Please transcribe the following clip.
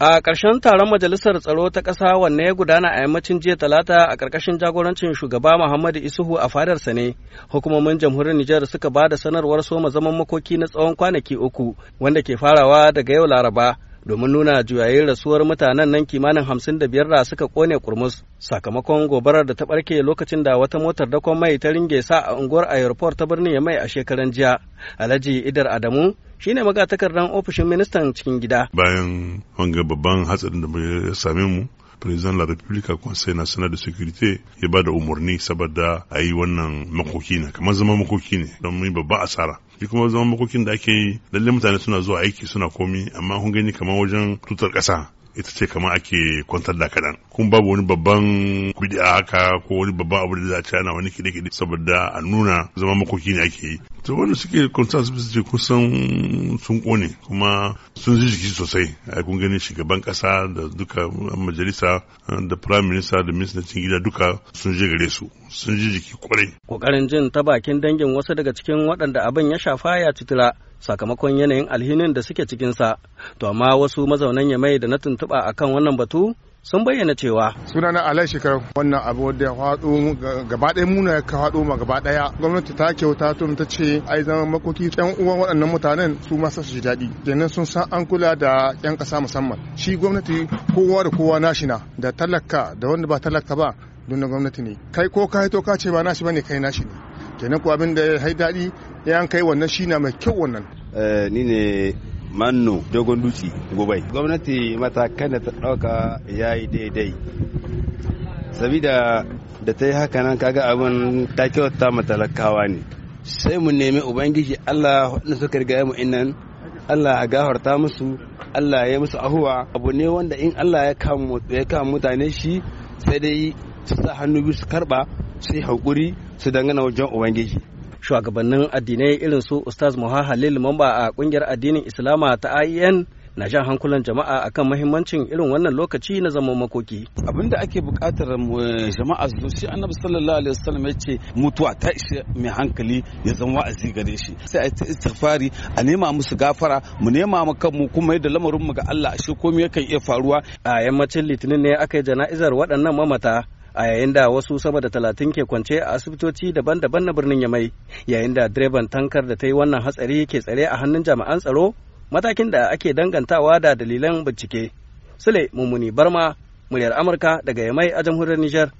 A ƙarshen taron Majalisar Tsaro ta ƙasa wanne ya gudana a yammacin jiya talata a ƙarƙashin jagorancin shugaba Muhammadu Isuhu a fadarsa ne, hukumomin jamhuriyar Nijar suka ba da sanarwar soma zaman makoki na tsawon kwanaki uku wanda ke farawa daga yau Laraba domin nuna juyayin rasuwar mutanen nan kimanin hamsin da biyar da suka kone kurmus sakamakon gobarar da ta ɓarke lokacin da wata motar dakon mai ta ringe sa a unguwar airport ta birnin ya mai a shekaran jiya. Alhaji Idar Adamu shi ne maga magatakardan ofishin ministan cikin gida. Bayan wanga babban hatsarin da ya same mu, President la Republica Conseil National de Sécurité ya ba da umarni saboda a yi wannan makoki ne, kamar zama makoki ne don mun babba asara. Shi kuma zama makokin da ake yi, lalle mutane suna zuwa aiki suna komi, amma kun gani kamar wajen tutar ƙasa. ita ce kamar ake kwantar da kaɗan kun babu wani babban kuɗi a haka ko wani babban abu da za a ci ana wani kiɗe-kiɗe saboda a nuna zama makoki ne ake yi to wanda suke concern su ce kusan sun kone kuma sun ji jiki sosai a kun gani shugaban kasa da duka majalisa da prime minister da Cikin gida duka sun je gare su sun ji jiki kwarai kokarin jin ta bakin dangin wasu daga cikin waɗanda abin ya shafa ya citira sakamakon yanayin alhinin da suke cikinsa to amma wasu mazaunan yamai da na tuntuɓa akan wannan batu sun bayyana cewa sunana alai shekar wannan abu da ya faɗo gaba ɗaya muna ya faɗo ma gaba ɗaya gwamnati ta kyauta tun ta ce ai zama makoki yan uwan waɗannan mutanen su ma sa su daɗi kenan sun san an kula da yan ƙasa musamman shi gwamnati kowa da kowa nashi na da talaka da wanda ba talaka ba don gwamnati ne kai ko ka hito ka ce ba nashi bane kai nashi ne kenan ko abin da ya daɗi ya kai wannan shi na mai kyau wannan eh, ni ne manno dogon dutse gobai gwamnati matakan da ta ɗauka ya yi daidai sabida da ta yi haka nan kaga abin ta kyauta matalakawa ne sai mu nemi ubangiji allah waɗanda suka riga mu innan allah a gafarta musu allah ya musu ahuwa abu ne wanda in allah ya kama mutane shi sai dai su sa hannu bisu su karba su yi haƙuri su dangana wajen ubangiji shugabannin addinai irin su ustaz muha halil mamba a kungiyar addinin islama ta IEN na jan hankulan jama'a akan mahimmancin irin wannan lokaci na zaman makoki abinda ake buƙatar jama'a su shi annabi sallallahu alaihi wasallam ya ce mutuwa ta ishe mai hankali ya zama wa'azi gare shi sai a istighfari a nema musu gafara mu nema mu kanmu kuma yadda lamarin mu ga Allah shi komai yakan iya faruwa a yammacin litinin ne aka yi jana'izar waɗannan mamata a yayin da wasu sama da talatin ke kwance a asibitoci daban-daban na birnin Yamai yayin da direban tankar da ta yi wannan hatsari ke tsare a hannun jami'an tsaro matakin da ake dangantawa da dalilan bincike. Sule Mummuni Barma, muryar Amurka daga Yamai a jamhuriyar Nijar.